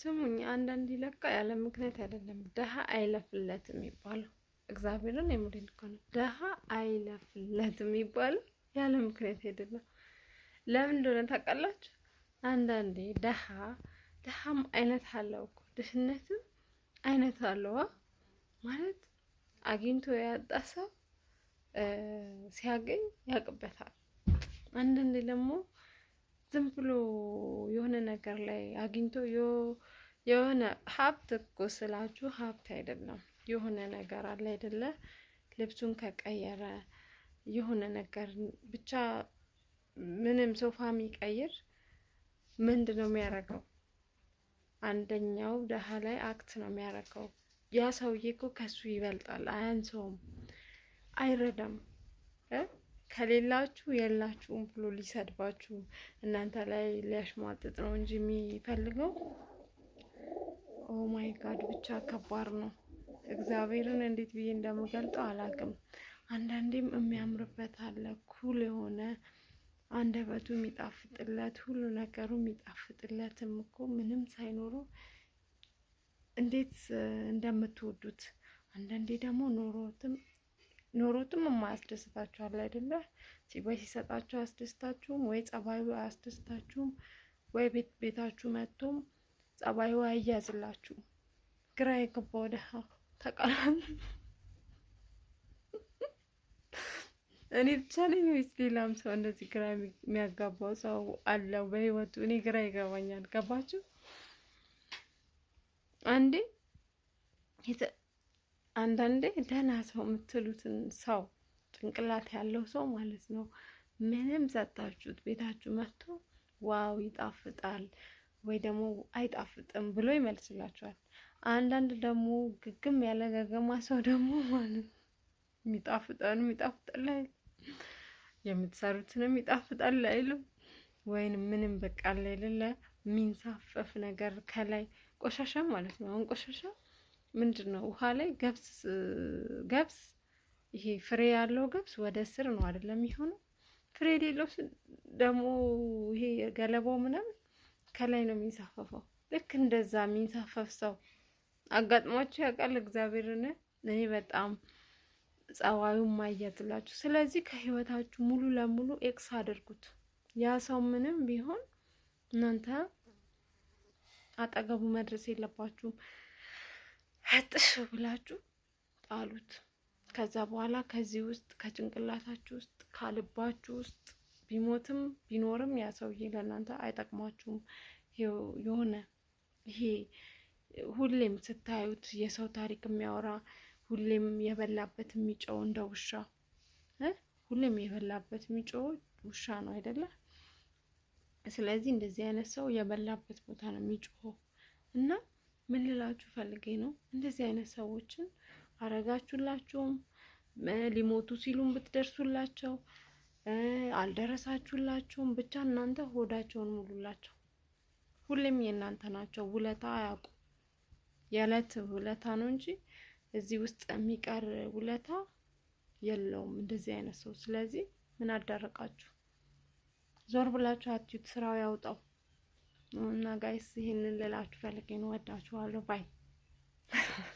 ስሙኝ፣ አንዳንድ ይለቃ ያለ ምክንያት አይደለም። ደሃ አይለፍለት የሚባለው እግዚአብሔርን የምሬን እኮ ነው። ደሃ አይለፍለት የሚባለው ያለ ምክንያት አይደለም። ለምን እንደሆነ ታውቃላችሁ? አንዳንዴ ደሃ ደሃም አይነት አለው እኮ ድህነትም አይነት አለዋ ማለት አግኝቶ ያጣ ሰው ሲያገኝ ያውቅበታል። አንዳንዴ ደግሞ ዝም ብሎ ነገር ላይ አግኝቶ የሆነ ሀብት እኮ ስላችሁ ሀብት አይደለም፣ የሆነ ነገር አለ አይደለ? ልብሱን ከቀየረ የሆነ ነገር ብቻ ምንም ሶፋ የሚቀይር ምንድን ነው የሚያደርገው? አንደኛው ደሃ ላይ አክት ነው የሚያደርገው። ያ ሰውዬ እኮ ከሱ ይበልጣል፣ አያንሰውም፣ አይረዳም። ከሌላችሁ የላችሁም ብሎ ሊሰድባችሁ እናንተ ላይ ሊያሽሟጥጥ ነው እንጂ የሚፈልገው። ኦ ማይ ጋድ ብቻ ከባድ ነው። እግዚአብሔርን እንዴት ብዬ እንደምገልጠው አላውቅም። አንዳንዴም የሚያምርበት አለ ኩል የሆነ አንደበቱ የሚጣፍጥለት ሁሉ ነገሩ የሚጣፍጥለትም እኮ ምንም ሳይኖረው እንዴት እንደምትወዱት አንዳንዴ ደግሞ ኖሮትም ኖሮትም የማያስደስታችኋል አይደለ? ሲባይ ሲሰጣችሁ አያስደስታችሁም፣ ወይ ጸባዩ አያስደስታችሁም፣ ወይ ቤታችሁ መጥቶም ጸባዩ አያዝላችሁ። ግራ የገባ ወደ ተቃራኒ እኔ ብቻ ነኝ ወይስ ሌላም ሰው እንደዚህ ግራ የሚያጋባው ሰው አለው በህይወቱ? እኔ ግራ ይገባኛል። ገባችሁ አንዴ አንዳንዴ ደህና ሰው የምትሉትን ሰው ጭንቅላት ያለው ሰው ማለት ነው። ምንም ሰጣችሁት ቤታችሁ መጥቶ ዋው ይጣፍጣል ወይ ደግሞ አይጣፍጥም ብሎ ይመልስላችኋል። አንዳንድ ደግሞ ግግም ያለ ገገማ ሰው ደግሞ ማለት የሚጣፍጠን የሚጣፍጣል አይልም፣ የምትሰሩትንም ይጣፍጣል አይልም። ወይም ምንም በቃ የሌለ የሚንሳፈፍ ነገር ከላይ ቆሻሻ ማለት ነው። አሁን ቆሻሻ ምንድን ነው ውሃ ላይ ገብስ ገብስ ይሄ ፍሬ ያለው ገብስ ወደ ስር ነው አይደለም የሚሆነው። ፍሬ የሌለው ደግሞ ይሄ ገለባው ምናምን ከላይ ነው የሚንሳፈፈው። ልክ እንደዛ የሚንሳፈፍ ሰው አጋጥሟቸው ያውቃል? እግዚአብሔርን እኔ በጣም ጸባዩን ማየትላችሁ። ስለዚህ ከህይወታችሁ ሙሉ ለሙሉ ኤክስ አድርጉት። ያ ሰው ምንም ቢሆን እናንተ አጠገቡ መድረስ የለባችሁም። አጥሽ ብላችሁ ጣሉት። ከዛ በኋላ ከዚህ ውስጥ ከጭንቅላታችሁ ውስጥ ካልባችሁ ውስጥ ቢሞትም ቢኖርም ያ ሰውዬ ለእናንተ አይጠቅማችሁም። የሆነ ይሄ ሁሌም ስታዩት የሰው ታሪክ የሚያወራ ሁሌም የበላበት የሚጮው እንደ ውሻ ሁሌም የበላበት የሚጮው ውሻ ነው አይደለ? ስለዚህ እንደዚህ አይነት ሰው የበላበት ቦታ ነው የሚጮው እና ምን ልላችሁ ፈልጌ ነው፣ እንደዚህ አይነት ሰዎችን አረጋችሁላቸውም ሊሞቱ ሲሉም ብትደርሱላቸው አልደረሳችሁላቸውም፣ ብቻ እናንተ ሆዳቸውን ሙሉላቸው። ሁሌም የእናንተ ናቸው። ውለታ አያውቁም። የዕለት ውለታ ነው እንጂ እዚህ ውስጥ የሚቀር ውለታ የለውም እንደዚህ አይነት ሰው። ስለዚህ ምን አዳረቃችሁ? ዞር ብላችሁ አትዩት፣ ስራው ያውጣው። እና ጋይስ ይህንን ልላችሁ ፈልጌ ነው። ወዳችኋለሁ ባይ